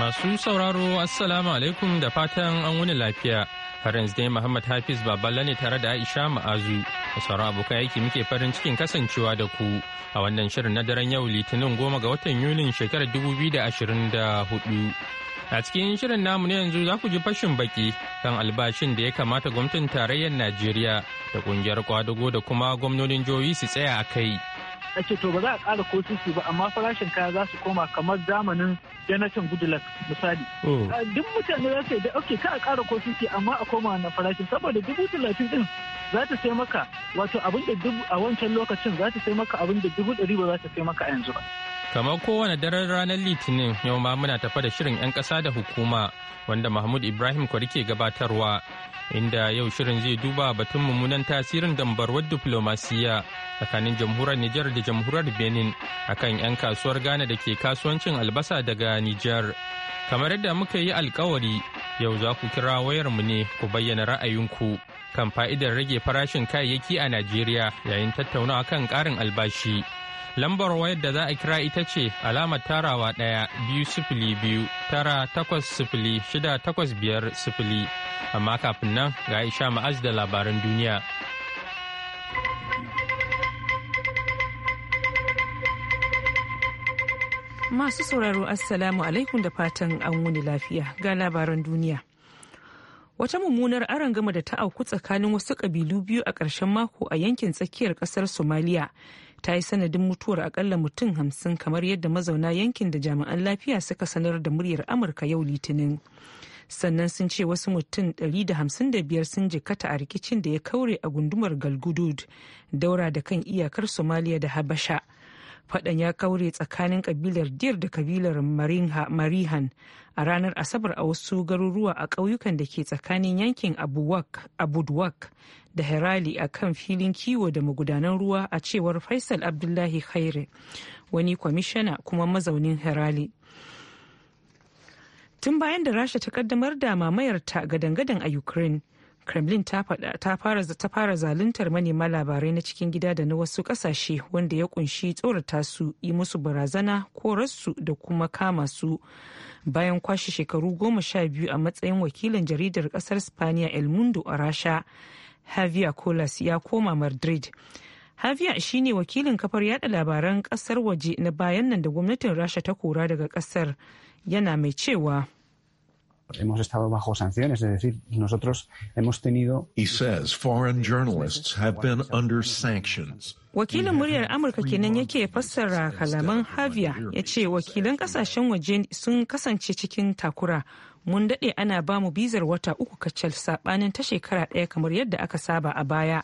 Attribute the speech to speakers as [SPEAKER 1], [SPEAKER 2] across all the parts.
[SPEAKER 1] Masu sauraro Assalamu alaikum da fatan an wuni lafiya. Har dai Muhammad Hafiz Baballa ne tare da Aisha Ma'azu. Da sauran abokan aiki muke farin cikin kasancewa da ku a wannan shirin na daren yau Litinin goma ga watan yulin shekarar dubu biyu da ashirin da hudu. A cikin shirin namu na yanzu za ku ji fashin baki kan albashin da ya kamata gwamnatin tarayyar Najeriya da kungiyar kwadago da kuma gwamnonin jihohi su tsaya a kai.
[SPEAKER 2] a ce to ba za a ƙara ko ba amma farashin kaya za su koma kamar zamanin janatan gudulak misali hmm. ah, duk mutane za su yi da ok ka a ƙara ko amma a koma na farashin saboda dubu talatin din za ta sai maka wato abin da a wancan lokacin za ta sai maka abin da dubu ɗari ba za ta sai maka a yanzu ba
[SPEAKER 1] Kamar kowane daren ranar Litinin yau ma muna tafa da shirin 'yan ƙasa da hukuma wanda Mahmud Ibrahim Kwari ke gabatarwa inda yau shirin zai duba batun mummunan tasirin dambarwar diplomasiya tsakanin jamhuriyar Nijar da jamhuriyar Benin akan 'yan kasuwar Ghana da ke kasuwancin albasa daga Nijar. Kamar yadda muka yi alkawari yau za ku kira wayarmu ne ku bayyana ra'ayinku kan fa'idar rage farashin kayayyaki a Najeriya yayin tattaunawa kan ƙarin albashi. Lambar wayar da za a kira ita ce alamar tarawa ɗaya biyu sifili biyu tara takwas sifili shida takwas biyar sifili. Amma kafin nan ga Aisha ma'az da labaran duniya.
[SPEAKER 3] Masu sauraro Assalamu alaikum da fatan an wuni lafiya ga labaran duniya. Wata mummunar aron gama da ta auku tsakanin wasu ƙabilu biyu a ƙarshen mako a yankin tsakiyar ƙasar somaliya. ta yi sanadin mutuwar akalla mutum hamsin kamar yadda mazauna yankin da jami'an lafiya suka sanar da muryar amurka yau litinin sannan sun ce wasu mutum da da hamsin biyar sun jikata a rikicin da ya kaure a gundumar galgudud daura da kan iyakar somaliya da habasha faɗan ya kaure tsakanin kabilar dir da kabilar marihan a ranar asabar a wasu garuruwa a ƙauyukan da ke tsakanin yankin abudwak da herali a kan filin kiwo da magudanan ruwa a cewar faisal abdullahi khaire wani kwamishana kuma mazaunin herali tun bayan da rasha ta kaddamar da mamayarta ga dangadan a ukraine kremlin ta fara zaluntar manema labarai na cikin gida da na wasu kasashe wanda ya kunshi tsorata su yi musu barazana ko korarsu da kuma kama su bayan kwashe shekaru goma sha biyu a matsayin wakilin jaridar kasar spaniya el mundo a rasha havia colas ya koma madrid havia shine wakilin kafar yada labaran kasar waje na bayan nan da gwamnatin rasha ta kora daga kasar yana mai cewa
[SPEAKER 4] hemos estado bajo sanciones, es decir, nosotros hemos tenido. He says foreign journalists have been under sanctions.
[SPEAKER 3] Wakilin muryar Amurka kenan yake fassara kalaman Javier ya ce wakilan kasashen waje sun kasance cikin takura. Mun daɗe ana ba mu bizar wata uku kacal saɓanin ta shekara ɗaya kamar yadda aka saba a baya.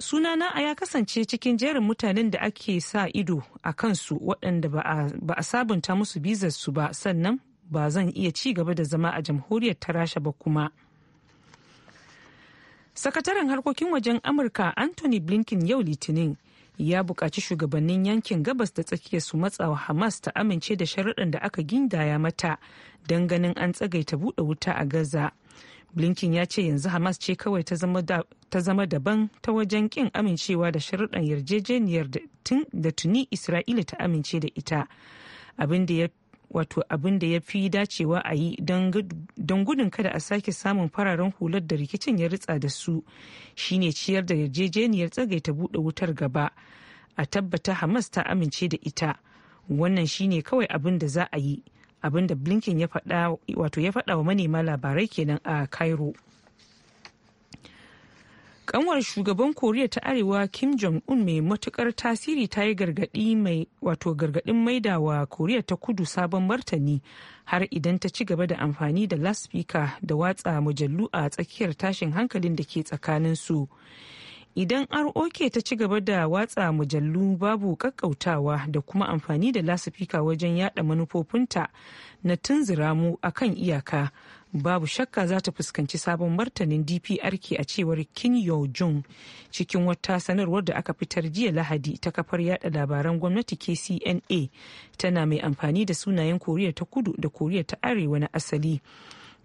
[SPEAKER 3] suna na ya kasance cikin jerin mutanen da ake sa ido a kansu waɗanda ba a sabunta musu bizar su ba sannan ba zan iya ci gaba da zama a jamhuriyar ta rasha ba kuma sakataren harkokin wajen amurka anthony blinken yau litinin ya buƙaci shugabannin yankin gabas da tsakiya su matsa wa hamas ta amince da sharuɗan da aka gindaya mata don ganin an tsagaita buɗe wuta a gaza blinken ya ce yanzu hamas ce kawai ta zama daban ta wajen kin amincewa da sharuɗan yarjejeniyar da tuni isra'ila ta amince da ita abin da ya wato abin da ya fi dacewa a yi don gudun kada a sake samun fararen hular da rikicin ya ritsa da su shine ciyar da yarjejeniyar tsagaita buɗe wutar gaba a tabbata hamas ta amince da ita wannan shine kawai abin da za a yi abin da blinken ya faɗa wa manema labarai kenan a cairo kanwar shugaban koriya ta arewa kim jong-un mai matukar tasiri ta yi gargadi mai wato gargadin maidawa koriya ta kudu sabon martani har idan ta ci gaba da amfani da laspika da watsa mujallu a tsakiyar tashin hankalin da ke tsakanin su idan rok ta ci gaba da watsa mujallu babu kakkautawa da kuma amfani da lasifika wajen yada manufofinta na tunzura a akan iyaka babu shakka za ta fuskanci sabon martanin dprk a cewar kim yo jong cikin wata sanarwar da aka fitar jiya lahadi ta kafar yada labaran gwamnati kcna tana mai amfani da sunayen koriya ta kudu da koriya ta arewa na asali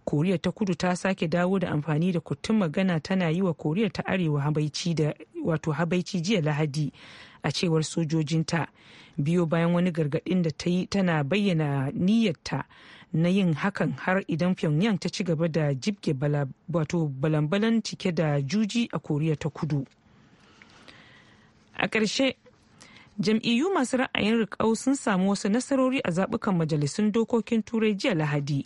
[SPEAKER 3] koriya ta kudu ta sake dawo da amfani da kutun magana tana yi wa koriya ta arewa habaici wato habaici jiya lahadi a cewar sojojinta biyo bayan wani gargadin da ta yi tana bayyana niyyarta na yin hakan har idan pyongyang ta ci gaba da jibge balambalan cike da juji a koriya ta kudu a ƙarshe jam'iyyu masu ra'ayin riƙau sun samu wasu nasarori a zaɓukan majalisun dokokin turai jiya lahadi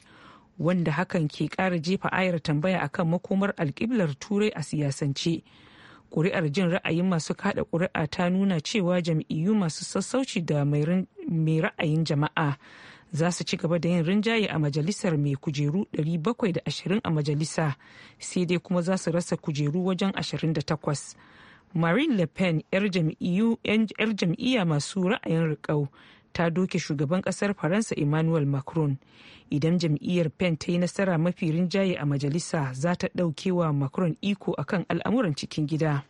[SPEAKER 3] wanda hakan ke ƙara jefa ayar tambaya akan makomar alƙiblar turai a siyasance ƙuri'ar jin ra'ayin masu kaɗa ƙuri'a ta nuna cewa jam'iyyu masu sassauci da mai ra'ayin jama'a za su ci gaba da yin rinjaye a majalisar mai kujeru 720 a majalisa sai dai kuma za su rasa kujeru wajen 28 marine le pen 'yar jam'iyya masu ra'ayin riƙau ta doke shugaban kasar faransa emmanuel macron idan jam'iyyar pen ta yi nasara mafi rinjaye a majalisa za ta ɗauke wa macron iko akan al'amuran cikin gida.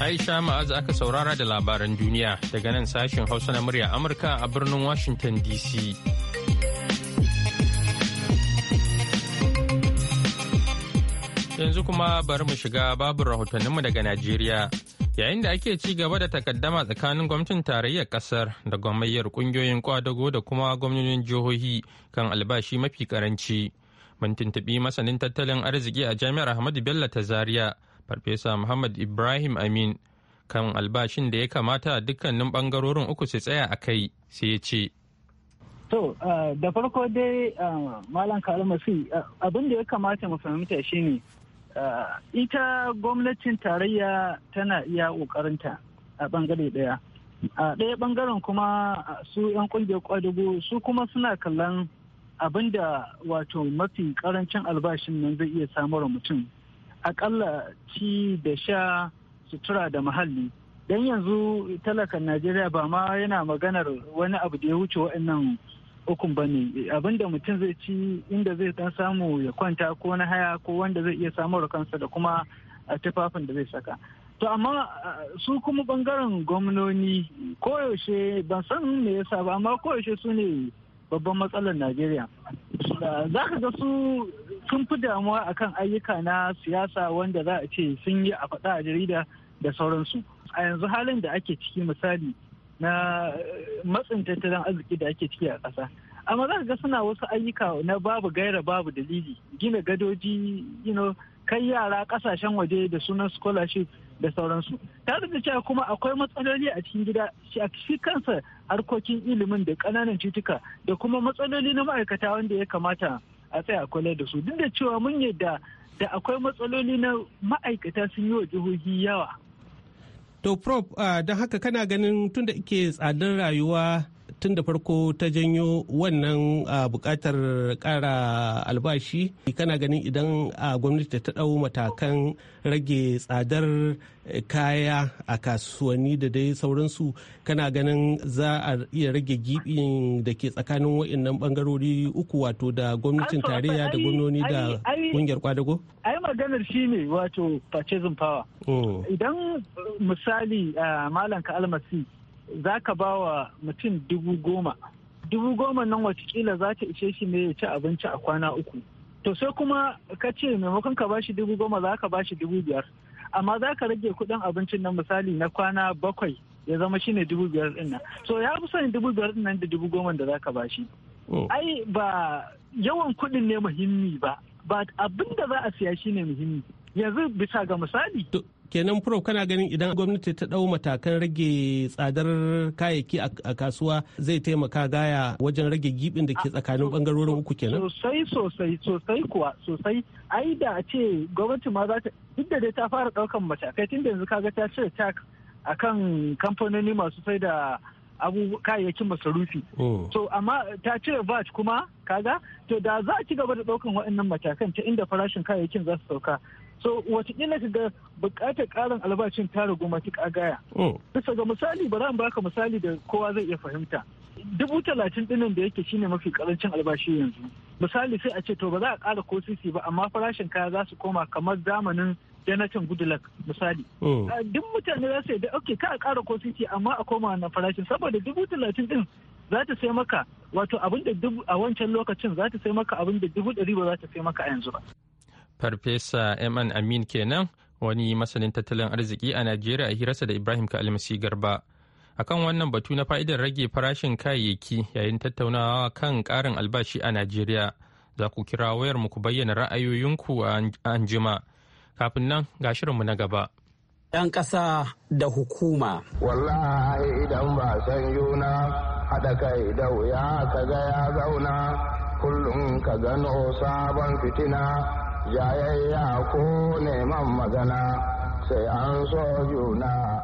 [SPEAKER 1] Aisha Ma'azu aka saurara da labaran duniya daga nan sashen Hausa na murya Amurka a birnin Washington DC. Yanzu kuma bari mu shiga babu rahotanninmu daga Najeriya. Yayin da ake ci gaba da takaddama tsakanin gwamnatin tarayyar kasar da gwamnayyar kungiyoyin kwadago da kuma gwamnonin jihohi kan albashi mafi karanci. Mun tuntuɓi masanin tattalin arziki a Jami'ar Ahmadu Bello ta Zaria. farfesa muhammad ibrahim amin kan albashin da ya kamata dukkanin bangarorin uku su tsaya a kai sai ya ce
[SPEAKER 2] to da farko dai malam kalmasi abin da ya kamata mu fahimta shine ita gwamnatin tarayya tana iya ƙoƙarinta a bangare ɗaya a ɗaya bangaren kuma su 'yan ƙungiyar kwadugo su kuma suna kallon abin da wato mafi ƙarancin albashin nan zai iya samar mutum akalla ci da sha sutura da muhalli don yanzu talakan najeriya ba ma yana maganar wani abu da ya wuce waɗannan ukun ba ne abinda mutum zai ci inda zai dan samu ya kwanta ko na haya ko wanda zai iya samun kansa da kuma a tufafin da zai saka to amma su kuma bangaren gwamnoni koyaushe ban san me yasa ba amma koyaushe su ne babban matsalar najeriya za ka ga su sun fi damuwa akan ayyuka na siyasa wanda za a ce sun yi a faɗa a jarida da sauransu a yanzu halin da ake ciki misali na eh, matsin tattalin arziki da ake ciki a ƙasa amma za ka ga suna wasu ayyuka na babu gaira babu dalili gina gadoji you kai yara ƙasashen waje da sunan scholarship da sauransu tare da cewa kuma akwai matsaloli a cikin gida shi kansa harkokin ilimin da kananan cutuka da kuma matsaloli na ma'aikata wanda ya kamata a tsaya kula da su duk da cewa mun yadda da akwai matsaloli na ma'aikata sun yi wa jihohi yawa
[SPEAKER 5] to prof ah, don haka kana ganin tunda ike tsadar rayuwa tun da farko ta janyo wannan bukatar ƙara albashi kana ganin idan gwamnati ta ɗau matakan rage tsadar kaya a kasuwanni da dai sauransu kana ganin za a iya rage gibin da ke tsakanin wa'annan bangarori uku wato da gwamnatin tarayya da gwamnoni da kungiyar
[SPEAKER 2] kwadago? ai maganar shi ne wato purchasing power mm. idan misali malam ka almasi za ka ba wa mutum dubu goma dubu goma nan watakila za ta ishe shi ne ya ci abinci a kwana uku to sai kuma ka ce maimakon ka bashi dubu goma za ka bashi dubu biyar amma za ka rage kuɗin abincin nan misali na kwana bakwai ya zama shi ne dubu biyar din nan so ya fi son dubu biyar din nan da dubu goma da za ka bashi oh. ai ba yawan kuɗin ne muhimmi ba ba abin da za a siya shi ne muhimmi yanzu bisa ga misali
[SPEAKER 5] kenan prof kana ganin idan gwamnati ta ɗau matakan rage tsadar kayayyaki a kasuwa zai taimaka gaya wajen rage gibin da ke tsakanin bangarorin uku kenan
[SPEAKER 2] sosai sosai sosai kuwa sosai ai da a ce gwamnati ma za ta duk da dai ta fara daukan matakai tun da yanzu kaga ta cire tax akan kamfanoni masu sai da kayayyakin masarufi. Hmm. So amma ta cire VAT kuma kaga to da za a ci gaba da ɗaukan waɗannan matakan ta inda farashin kayayyakin za su sauka so watakila ka ga bukatar karin albashin tara goma ta gaya oh. bisa ga misali ba za mu baka misali da kowa zai iya fahimta dubu talatin dinin da yake shine mafi karancin albashi yanzu misali sai a ce to ba za a ƙara ko sisi ba amma farashin kaya za su koma kamar zamanin janatan gudulak misali oh. ah, duk mutane za su yi da ok ka a ƙara ko sisi amma a koma na farashin saboda dubu talatin din za ta sai maka wato abin da a wancan lokacin za ta sai maka abin da dubu ɗari ba za ta sai maka a yanzu ba.
[SPEAKER 1] Farfesa Eman Amin kenan wani masanin tattalin arziki a Najeriya a hirarsa da Ibrahim Kalmasi Garba. Akan wannan batu na fa'idar rage farashin kayayyaki yayin tattaunawa kan ƙarin albashi a Najeriya. Za ku kira wayar mu ku bayyana ra'ayoyinku a anjima. Kafin nan ga shirinmu na gaba.
[SPEAKER 4] ‘Yan ƙasa da hukuma. Wallahi
[SPEAKER 6] idan ba san yuna haɗa kai da wuya ka ga ya zauna kullum ka gano sabon fitina jayayya ko neman magana sai an so juna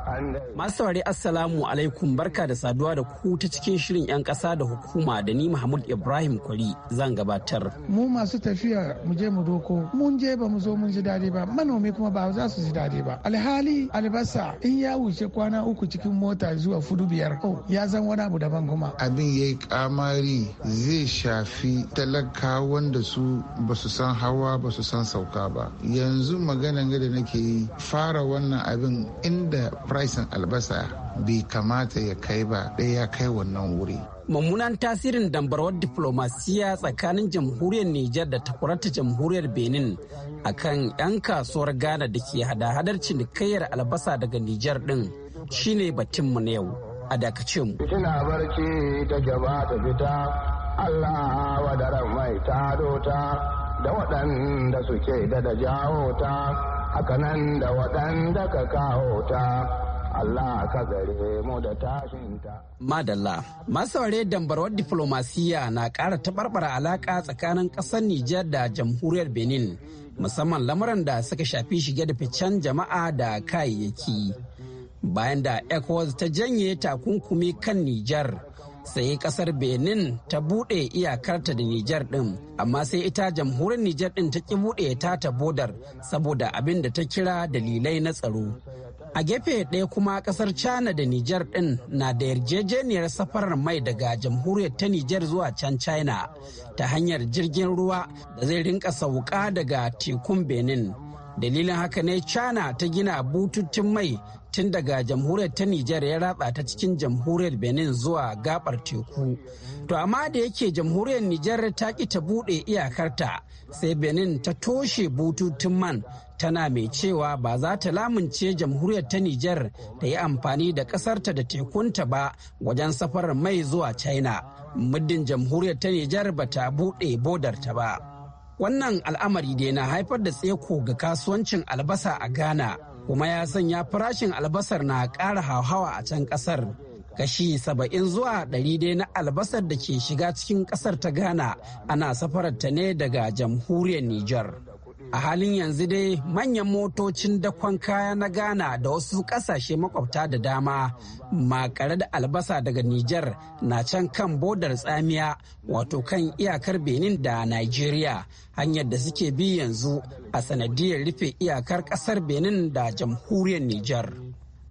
[SPEAKER 4] Masu saurari Assalamu alaikum barka da saduwa da ku ta cikin shirin 'yan kasa da hukuma da ni Mahmud Ibrahim Kwari zan gabatar.
[SPEAKER 7] Mu masu tafiya mu je mu doko mun je ba mu zo mun ji daɗi ba manomi kuma ba za su ji daɗi ba. Alhali albasa in ya wuce kwana uku cikin mota zuwa fudu biyar ko oh, ya zan wani abu daban kuma.
[SPEAKER 6] Abin ya yi kamari zai shafi talaka wanda su ba su san hawa ba su san sauka ba. Yanzu maganan da nake yi fara wannan abin inda farashin albasa bai kamata ya kai ba ɗaya ya kai wannan wuri
[SPEAKER 4] mummunan tasirin dambarwar diflomasiya tsakanin jamhuriyar Nijar da takwarata jamhuriyar Benin a kan 'yan kasuwar Ghana da ke hada-hadar cinikayyar albasa daga Nijar ɗin shine mu na yau a dakace mu.
[SPEAKER 6] Ina barci ta gaba ta fita Allah mai ta da waɗanda suke da da jawo ta haka nan da waɗanda ka kawo ta Allah ka gare mu da tashinta.
[SPEAKER 4] Madalla, masu ware dambarwar diflomasiya na ƙara taɓarɓara alaƙa tsakanin ƙasar Nijar da jamhuriyar Benin, musamman lamuran da suka shafi shige da ficen jama'a da kayayyaki. Bayan da ECOWAS ta janye takunkumi kan Nijar. sai kasar benin ta buɗe iyakarta da nijar ɗin amma sai ita jamhuriyar nijar ɗin ta ki buɗe ta ta bodar saboda abin da ta kira dalilai na tsaro a gefe ɗaya kuma kasar china da nijar ɗin na da yarjejeniyar safarar mai daga jamhuriyar ta nijar zuwa can china ta hanyar jirgin ruwa da zai rinka sauka daga tekun benin dalilin haka ne china ta gina bututun mai tun daga jamhuriyar ta nijar ya ratsa ta cikin jamhuriyar benin zuwa gabar teku to amma da yake jamhuriyar nijar ta ki ta buɗe iyakarta sai benin ta toshe bututun man tana mai cewa ba za ta lamunce jamhuriyar ta Nijar da yi amfani da ƙasarta da tekunta ba wajen safarar mai zuwa China, muddin jamhuriyar ta Nijar ba ta buɗe bodarta ba. Wannan al'amari dai na haifar da tseko ga kasuwancin albasa a Ghana kuma ya sanya farashin albasar na ƙara hauhawa a can ƙasar. Kashi saba'in zuwa ɗari dai na albasar da ke shiga cikin ƙasar ta Ghana ana safararta ne daga jamhuriyar Nijar. a halin yanzu dai manyan motocin dakon kaya na ghana da wasu kasashe makwabta da dama makare da albasa daga niger na can kan bodar tsamiya wato kan iyakar benin da nigeria hanyar da suke bi yanzu a sanadiyar rufe iyakar kasar benin da jamhuriyar niger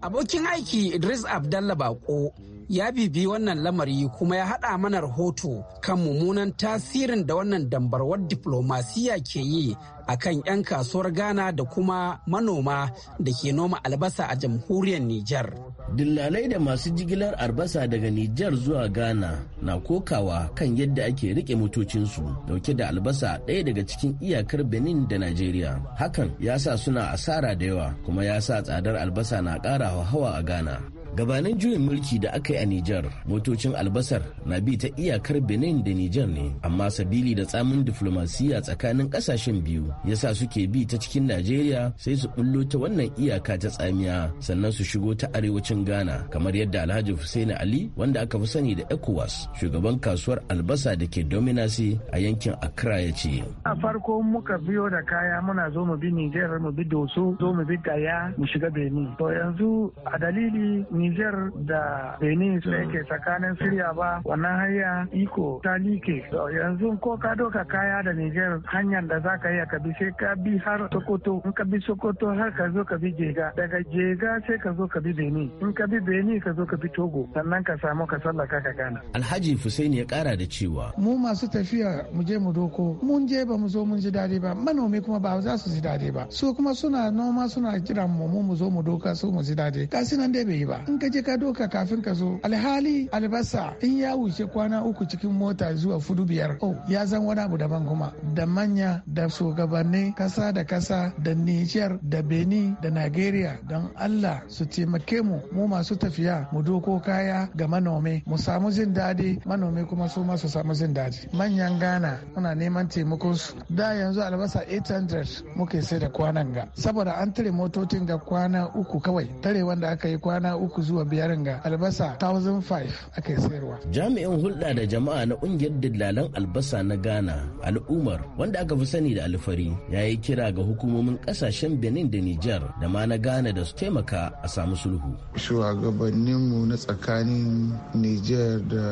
[SPEAKER 4] abokin aiki idris abdallah bako ya bibi wannan lamari kuma ya haɗa mana rahoto kan mummunan tasirin da wannan dambarwar diplomasiya ke yi a kan 'yan kasuwar ghana da kuma manoma da ke noma albasa a jamhuriyar nijar dillalai da masu jigilar albasa daga
[SPEAKER 5] nijar zuwa ghana na kokawa kan yadda ake rike motocinsu dauke da albasa ɗaya daga cikin iyakar benin da nigeria hakan ya sa suna asara da yawa kuma ya sa tsadar albasa na ƙara hawa a ghana gabanin juyin mulki da aka yi a Nijar motocin albasar na bi ta iyakar Benin da Nijar ne amma sabili da tsamin diflomasiyya tsakanin kasashen biyu ya sa suke bi ta cikin Najeriya sai su bullo ta wannan iyaka ta tsamiya sannan su shigo ta arewacin Ghana kamar yadda Alhaji Hussein Ali wanda aka fi sani da ECOWAS shugaban kasuwar albasa da ke Dominasi a yankin Accra ya ce
[SPEAKER 7] a farko muka biyo da kaya muna zo mu bi Nijar mu bi Doso zo mu bi Gaya mu shiga Benin to yanzu a dalili Nijar da Benin su mm. yake tsakanin Siriya ba wannan hanya iko ta like yanzu ko ka doka kaya da Nijar hanyar da zaka yi ka bi sai ka bi har Sokoto in ka bi Sokoto har ka zo ka bi Jega daga
[SPEAKER 2] Jega sai ka zo
[SPEAKER 7] ka bi Benin in ka bi Benin ka zo ka bi Togo sannan ka
[SPEAKER 2] samu ka sallaka ka gana.
[SPEAKER 5] Alhaji Hussein ya kara da cewa
[SPEAKER 7] mu masu tafiya mu je mu doko mun je ba mu zo mun ji dadi ba manomi kuma ba za su ji dadi ba su kuma suna noma suna kiran mu mu zo mu doka su mu ji dadi dai bai yi ba in ka je ka doka kafin ka zo alhali albasa in ya wuce kwana uku cikin mota zuwa fudu biyar oh ya zan wani abu daban kuma da manya da shugabanni kasa da kasa da niger da benin da nigeria don allah su taimake mu mu masu tafiya mu doko kaya ga manomi mu samu jin daɗi manomi kuma su ma samu jin daɗi manyan ghana muna neman taimakon su da yanzu albasa 800 muke sai da kwanan ga saboda an tare motocin ga kwana uku kawai tare wanda aka yi kwana uku zuwa biyar ga albasa 1005 ake sayarwa.
[SPEAKER 5] Jami'in hulɗa da jama'a na ƙungiyar dillalan albasa na Ghana al'umar wanda aka fi sani da alfari ya yi kira ga hukumomin ƙasashen Benin da Nijar da ma
[SPEAKER 6] na Ghana da su taimaka a samu sulhu. Shugabanninmu na tsakanin Nijar da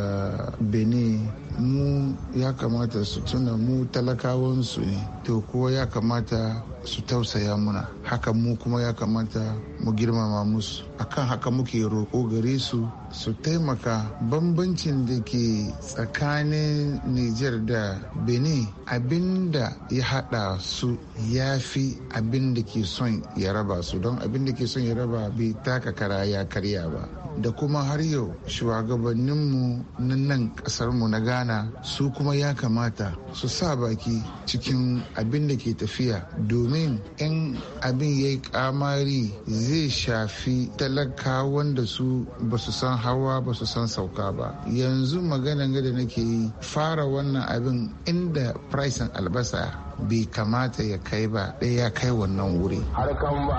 [SPEAKER 6] Benin mu ya kamata su tuna mu talakawansu ne to kuwa ya kamata su tausaya muna haka mu kuma ya kamata mu girmama musu akan haka muke roƙo gare su su taimaka bambancin da ke tsakanin niger da benin abin da ya haɗa su ya fi abin da ke son ya raba su don abin da ke son ya raba bai taka kara ya karya ba da kuma har yau shugabanninmu na nan ƙasarmu na ghana su kuma ya kamata su sa baki cikin abin da ke tafiya domin domin in abin ya yi kamari zai shafi talaka wanda su ba su san hawa ba su san sauka ba yanzu magana da nake yi fara wannan abin inda pricing albasa bai kamata ya kai ba ɗaya ya kai wannan wuri harkan ba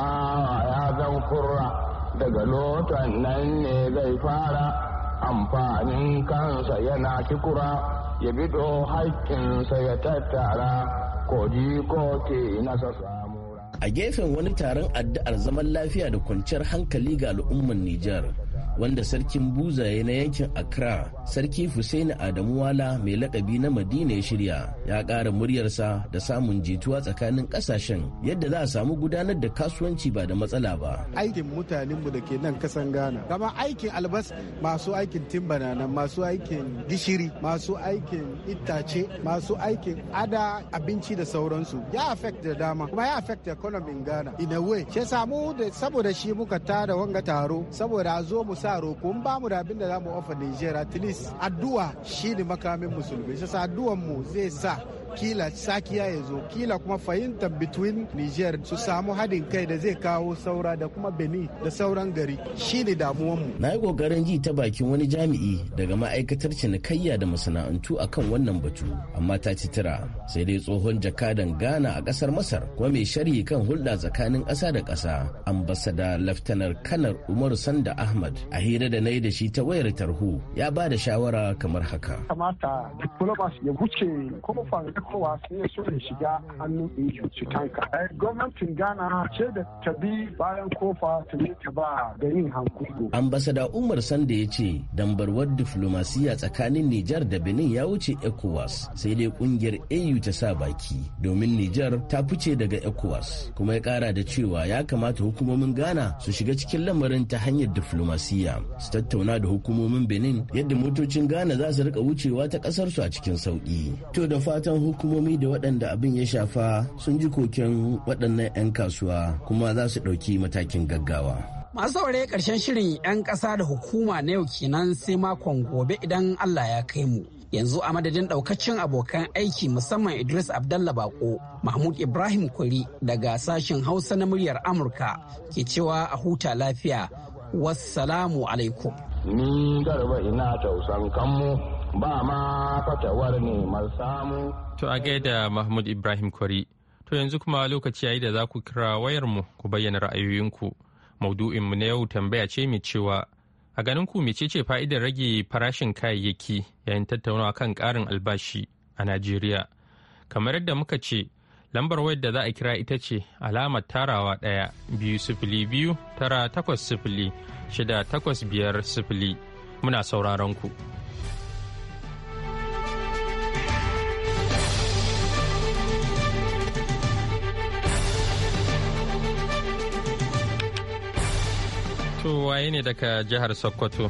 [SPEAKER 6] ya zan kurra daga lotan nan ne zai fara amfanin kansa yana kikura ya bido haƙƙinsa ya
[SPEAKER 5] tattara ko ji ko ke nasa a gefen wani taron addu'ar zaman lafiya da kwanciyar hankali ga al'ummar Nijar. wanda sarkin buzaye na yankin accra sarki Hussein adamu wala mai lakabi na madina ya shirya ya kara muryarsa da samun jituwa tsakanin ƙasashen yadda za a samu gudanar da kasuwanci ba da matsala
[SPEAKER 7] ba aikin mutanenmu da ke nan kasan ghana kama aikin albas masu aikin timbana nan masu aikin gishiri masu aikin itace masu aikin ada abinci da sauransu ya affect da dama kuma ya affect economy ghana in a way shi samu da saboda shi muka tara wanga taro saboda a zo mu sa roko ba mu da abin da za mu ofa Nigeria at least addu'a shine makamin musulmi sai addu'an mu zai sa kila sakiya ya zo kila kuma fahimtar between niger su samu haɗin kai da zai kawo saura da kuma benin da sauran gari shi ne damuwanmu
[SPEAKER 5] na yi ƙoƙarin ji ta bakin wani jami'i daga ma'aikatar cinikayya da masana'antu akan wannan batu amma ta ci tira sai dai tsohon jakadan ghana a ƙasar masar kuma mai sharhi kan hulɗa tsakanin ƙasa da ƙasa ambasada laftanar kanar umaru sanda ahmad a hira da na yi da shi ta wayar tarho ya ba da shawara kamar haka
[SPEAKER 2] kamata ya wuce kuma sai ya so ya shiga hannun su tanka. Eh, gwamnatin Ghana ce da ta bi bayan
[SPEAKER 4] kofa ta ta ba da yin hankulo.
[SPEAKER 5] Ambasada Umar Sanda ya ce dambarwar diflomasiya tsakanin Nijar da Benin ya wuce ECOWAS sai dai kungiyar AU ta sa baki domin Nijar ta fice daga ECOWAS kuma ya kara da cewa ya kamata hukumomin Ghana su shiga cikin lamarin ta hanyar diflomasiya su tattauna da hukumomin Benin yadda motocin Ghana za su rika wucewa ta kasar su a cikin sauki. To da fatan hukumomi da waɗanda abin ya shafa sun ji koken waɗannan 'yan kasuwa kuma za su ɗauki matakin gaggawa.
[SPEAKER 4] Masu saurare ƙarshen shirin 'yan ƙasa da hukuma na yau kenan sai makon gobe idan Allah ya kai mu. yanzu a madadin ɗaukacin abokan aiki musamman idris abdalla bako mahmud ibrahim kwari daga sashen hausa na muryar amurka ke cewa a huta lafiya wassalamu alaikum ni garba ina tausan kanmu ba ma fatawar ne samu.
[SPEAKER 1] To a gaida Mahmud Ibrahim Kwari, to yanzu kuma lokaci yayi da za ku kira wayarmu ku bayyana ra'ayoyinku. mu na yau tambaya ce mai cewa a ganin ku mecece fa'idar rage farashin kayayyaki yayin tattaunawa kan karin albashi a Najeriya. Kamar yadda muka ce, lambar wayar da za a kira ita ce alamar tarawa ɗaya biyu sifili biyu tara takwas sifili shida takwas biyar sifili muna sauraron ku. To waye ne daga jihar Sokoto?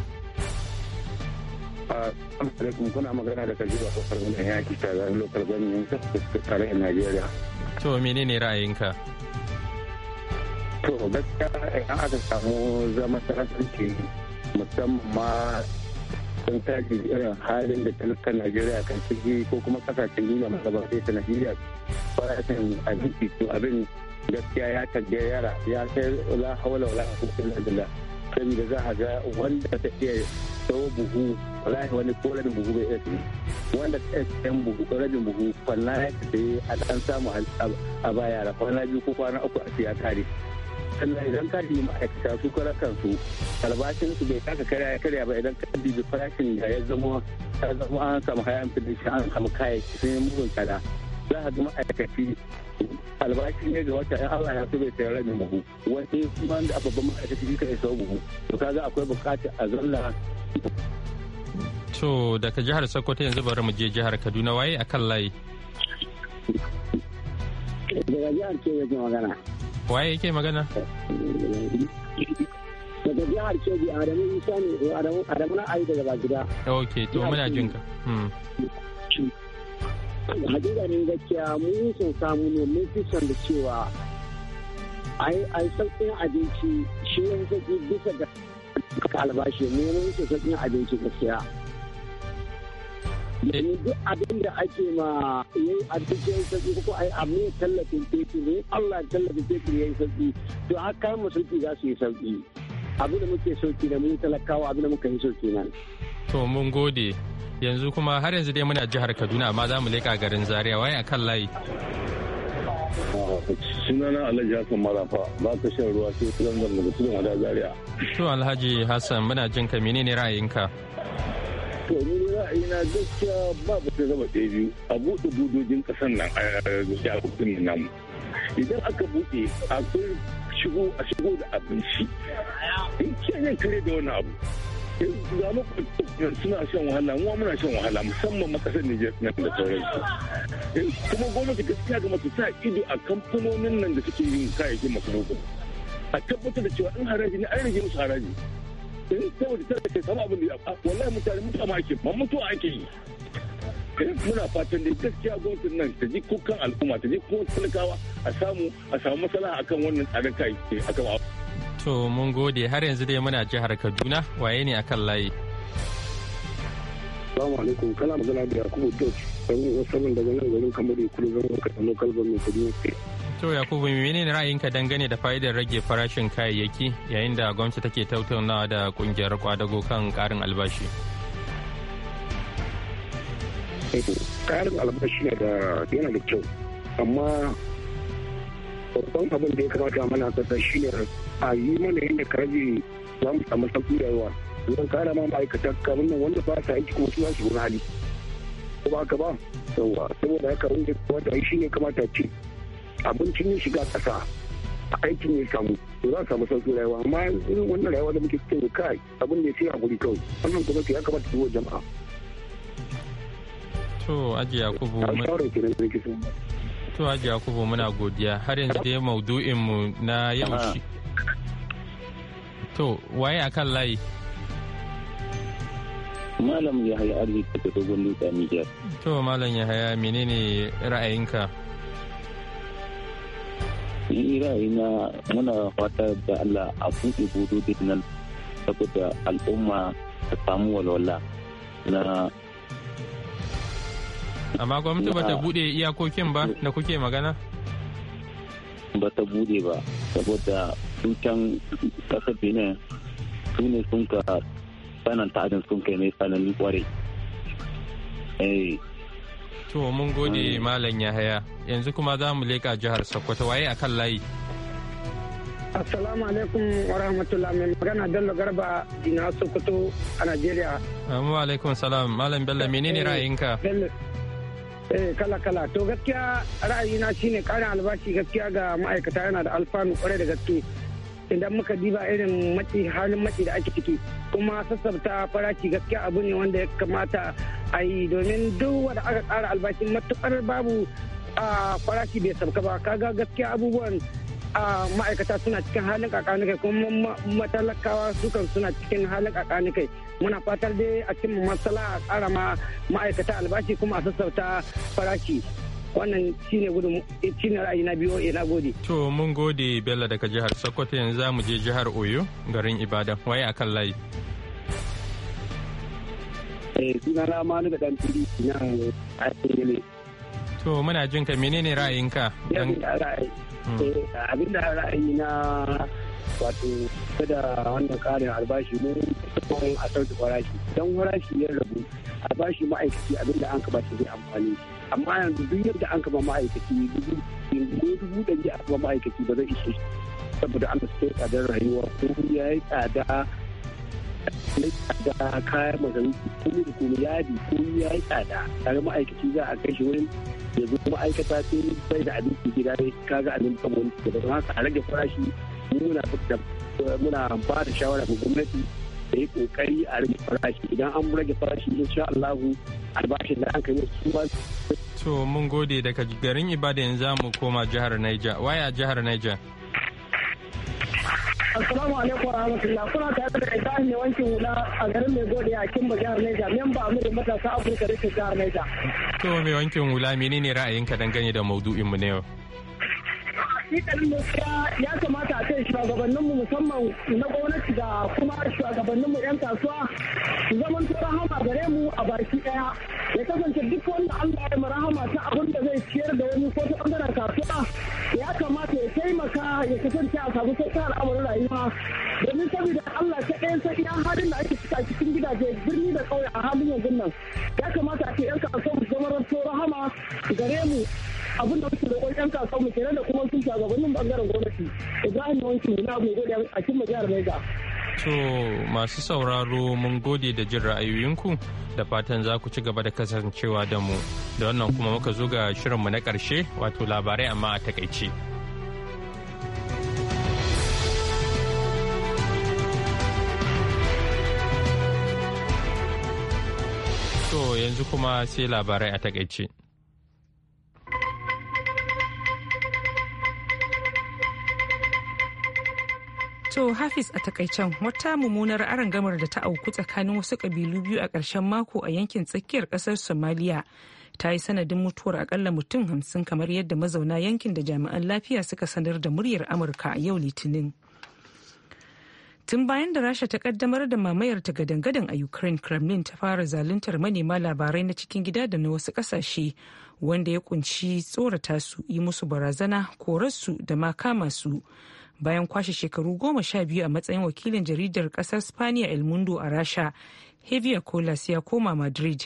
[SPEAKER 6] alaikum kuna magana daga jihar Sokoto ne yaki ta zan lokal gwamnatin Sokoto tare da Najeriya.
[SPEAKER 1] To menene ra'ayinka? To gaskiya idan aka samu zaman sarrafanci musamman ma sun tashi irin halin da talakar Najeriya kan ciki ko kuma kasashen da masu ba sai ta Najeriya farashin abinci to abin gaskiya ya tagayyara ya kai
[SPEAKER 5] la hawala wala quwwata illa billah saboda za a ga wanda ta iya tsawo buhu wallahi wani ko rabin buhu bai iya wanda ta ce buhu ko rabin buhu kwana ya tsaye a dan samu a baya da kwana biyu ko kwana uku a siya kare sannan idan ka nemi ma'aikata su kara kansu albashin su bai kaka karya kare ba idan ka dubi farashin da ya zama ta zama an samu hayan shi an samu kayayyaki sun yi mugun kada za a ga ma'aikaci albashi ne ga wata ya Allah ya so bai sayar da mu wani kuma da babban ma'aikaci shi ka isa buhu to kaga akwai bukata a zalla
[SPEAKER 1] to daga jihar Sokoto yanzu bari mu je jihar Kaduna waye akan layi
[SPEAKER 2] daga jihar ke yake magana
[SPEAKER 1] waye yake magana daga
[SPEAKER 4] jihar Kebbi Adamu Isa ne Adamu Adamu na ayi daga Bagida
[SPEAKER 1] okay to muna jinka hmm.
[SPEAKER 4] hakikanin gaskiya
[SPEAKER 2] mun son samu ne mun fi son da cewa ai sauƙin abinci shi ne sauƙi bisa ga albashi mu mun fi sauƙin abinci gaskiya eh. domin duk abin da ake ma yayi abincin sauki ko ai ya tallafin fetur ne Allah ya tallafin fetur yayi sauki to haka musulki
[SPEAKER 5] za su yi sauki abu da muke sauki da mu talakawa abu da muka yi sauki nan
[SPEAKER 1] to mun gode yanzu kuma har yanzu dai muna jihar kaduna amma za mu leka garin zaria waye akan layi
[SPEAKER 5] sunana alhaji hassan marafa ba ka shan ruwa sai kudan zan daga cikin wada zaria
[SPEAKER 1] to alhaji hassan muna jin ka menene ra'ayinka
[SPEAKER 5] to ni ra'ayina gaskiya ba ba ta zama ɗaya biyu a buɗe budojin ƙasar nan a nan mu. idan aka buɗe akwai shigo a shigo da abinci in kiyayen kare da wani abu ga muku suna shan wahala mu muna shan wahala musamman makasar Nijar nan da sauransu kuma gwamnati gaskiya ga masu sa ido a kamfanonin nan da suke yin kayayyakin masarufin a tabbatar da cewa in haraji ne an rage musu haraji in eh, saboda tare ke samu abin da wallahi mutane mutuwa ake ma mutuwa ake yi eh, muna fatan da gaskiya gwamnatin nan ta ji kukan al'umma ta ji kuma talakawa a samu a samu masala akan wannan tsadar kayayyaki akan abu
[SPEAKER 1] To mun gode har yanzu dai muna jihar Kaduna waye ne akan layi.
[SPEAKER 5] Salamu alaikum kana magana da Yakubu George dan wasan daga nan garin Kamaru kullum zan maka da local government Kaduna.
[SPEAKER 1] To Yakubu ne ra'ayinka dangane da fa'idar rage farashin kayayyaki yayin da gwamnati take tattaunawa da kungiyar kwadago kan karin albashi?
[SPEAKER 4] Karin eh, albashi yana da kyau
[SPEAKER 6] amma babban abin da ya kamata mana kasa shi ne
[SPEAKER 5] a yi mana yadda karaje za mu samu sauƙi da yawa don kara ma ma'aikata kamar nan wanda
[SPEAKER 6] ba sa aiki kuma su za wani hali ko ba ka ba yawa saboda haka wanda kamata yi shi ne kamata ce abincin ya shiga ƙasa a aikin ya samu to za a samu sauƙi rayuwa amma irin wannan rayuwa da muke cikin kai abin ne sai a guri kawai wannan kuma ya kamata su jama'a.
[SPEAKER 1] to ajiya kubu. To Jakubu muna godiya har yanzu dai maudu'in mu na yau shi. To waye kan layi?
[SPEAKER 5] Malam Yahaya Arziki da dogon nuka Nijar.
[SPEAKER 1] To Malam Yahaya menene ra'ayinka? Ni ra'ayina muna fata da
[SPEAKER 5] Allah a buɗe budodin nan saboda al'umma ta samu walwala
[SPEAKER 1] na amma gwamnati ba ta bude iyakokin ba da kuke magana ba ta bude ba saboda tutan
[SPEAKER 5] kasar benin su ne sun ka sanan tajin sun kai mai sanannin
[SPEAKER 6] kwarai
[SPEAKER 1] eh. to mun gode mm. malam yahaya yanzu kuma za mu leka jihar sokoto waye akan layi
[SPEAKER 4] assalamu alaikum wa rahmatullah mai magana bello garba na sokoto a najeriya
[SPEAKER 1] wa alaikum salam malam bello menene eh, ra'ayinka
[SPEAKER 4] kala-kala eh, to gaskiya ra'ayina shine karin albashi gaskiya ga ma'aikata yana da alfanu kwarai da gaske idan muka diba irin matsi halin matsi da ake ciki kuma sassabta farashi gaskiya abu ne wanda ya kamata a yi domin duk wanda aka kara albashi matukar babu a ah, farashi bai sabka ba kaga gaskiya abubuwan A ma'aikata suna cikin halin kakanikai kuma matalakawa sukan suna cikin halin kakanikai muna fatar dai a cimma matsala a karama ma'aikata albashi kuma a sassauta farashi wannan shine gudun shine ra'ayi na biyo eh,
[SPEAKER 1] na gode to mun gode bello daga jihar sokoto yanzu za mu je jihar oyo garin ibadan waye akan layi
[SPEAKER 4] eh sunana ni da dan tiri nan a cikin
[SPEAKER 1] To muna jin ka menene ra'ayinka? Hmm. Eh, abin da ra'ayi na
[SPEAKER 4] wato da wannan karin albashi ne kuma a sauke farashi. Don farashi ya rabu albashi ma'aikaci abin da an kaba ta zai amfani. Amma yanzu duk yadda an kaba ma'aikaci dubu ɗari a ma'aikaci ba zai ishe saboda an sai tsadar
[SPEAKER 5] rayuwa ko ya yi tsada da kayan masarufi komai da komai yadi komai ya yi tsada tare ma'aikaci za a kai shi wurin yanzu ma'aikata sun bai da abinci gida ne kaga abin da wani da don haka a rage farashi muna muna ba da shawara ga gwamnati da yi kokari a rage farashi idan an rage farashi insha Allah albashin da an su ba
[SPEAKER 1] to mun gode daga garin Ibadan za mu koma jihar Niger waya jihar Niger
[SPEAKER 2] Assalamu alaikum wa rahmatullah. Kuna tare da Ibrahim ne wankin wula a garin mai gode a Kimba jihar Niger. Memba Amiru matasa Afirka da ke jihar Niger.
[SPEAKER 1] To mai wankin wula menene ra'ayinka dangane da maudu'in mu na yau?
[SPEAKER 2] hakikanin gaskiya ya kamata a ce shugabanninmu musamman na gwamnati da kuma shugabannin mu 'yan kasuwa su zaman rahama gare mu a baki ɗaya ya kasance duk wanda Allah ya rahama ta abin da zai ciyar da wani ko ta bangaren kasuwa ya kamata ya taimaka ya kasance a samu sauƙin al'amarin rayuwa domin saboda Allah ta ɗaya sai iya halin da ake cika cikin gidaje birni da kauye a halin yanzu nan ya kamata a ce 'yan kasuwa su zama rahama gare mu abin da wasu roƙon yan kasuwa mu kenan da kuma su shugabannin bangaren gwamnati ibrahim wanki na mai gode a cikin jihar Niger.
[SPEAKER 1] To masu sauraro mun gode da jin ra'ayoyinku da fatan za ku ci gaba da kasancewa da mu da wannan kuma muka zo ga shirinmu na ƙarshe wato labarai amma a takaice. yanzu kuma sai labarai a takaice.
[SPEAKER 3] To Hafiz a takaicen wata mummunar arangamar da ta auku tsakanin wasu kabilu biyu a ƙarshen mako a yankin tsakiyar ƙasar Somalia ta yi sanadin mutuwar akalla mutum hamsin kamar yadda mazauna yankin da jami'an lafiya suka sanar da muryar Amurka a yau Litinin. Tun bayan da Rasha ta kaddamar da mamayar ta gadan a Ukraine, Kremlin ta fara zaluntar manema labarai na cikin gida da na wasu ƙasashe wanda ya kunshi tsorata su yi musu barazana korarsu da ma kama su. bayan kwashe shekaru goma sha biyu a matsayin wakilin jaridar kasar spaniya el mundo a rasha hevia colas ya koma madrid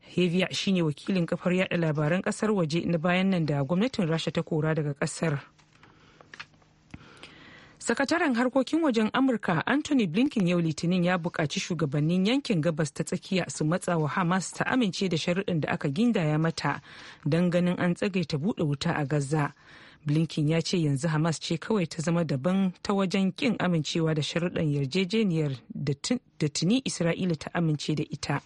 [SPEAKER 3] hevia shine wakilin kafar yada labaran kasar waje na bayan nan da gwamnatin rasha ta kora daga kasar sakataren harkokin wajen amurka anthony blinken yau litinin ya bukaci shugabannin yankin gabas ta tsakiya su matsa wa hamas ta amince da sharuɗin da aka gindaya mata don ganin an tsagaita buɗe wuta a gaza blinken ya ce yanzu hamas ce kawai ta zama daban ta wajen kin amincewa da sharuɗan yarjejeniyar da tuni isra'ila ta amince da ita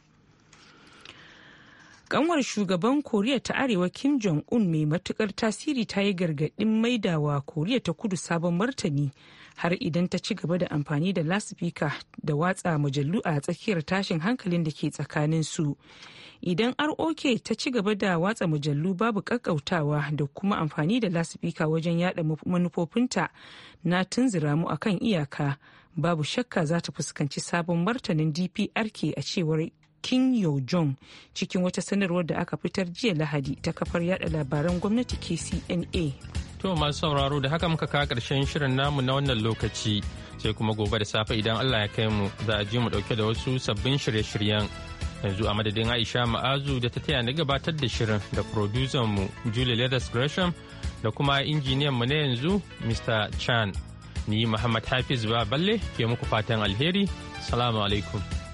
[SPEAKER 3] kanwar shugaban koriya ta arewa kim jong-un mai matukar tasiri ta yi gargaɗin maidawa koriya ta kudu sabon martani har idan ta ci gaba da amfani da lasifika da watsa mujallu a tsakiyar tashin hankalin da ke tsakanin su idan rok ta ci gaba da watsa mujallu babu kakkautawa da kuma amfani da lasifika wajen yada manufofinta na tunzura mu akan iyaka babu shakka za ta fuskanci sabon martanin dprk a cewar kim yo cikin wata sanarwar da aka fitar jiya lahadi ta kafar yada labaran gwamnati kcna
[SPEAKER 1] to masu sauraro da haka muka kawo karshen shirin namu na wannan lokaci sai kuma gobe da safe idan allah ya kai mu za a ji mu dauke da wasu sabbin shirye-shiryen yanzu a madadin aisha ma'azu da ta taya na gabatar da shirin da producer mu julie leathers gresham da kuma injiniyan mu na yanzu mr chan ni muhammad hafiz baballe ke muku fatan alheri salamu alaikum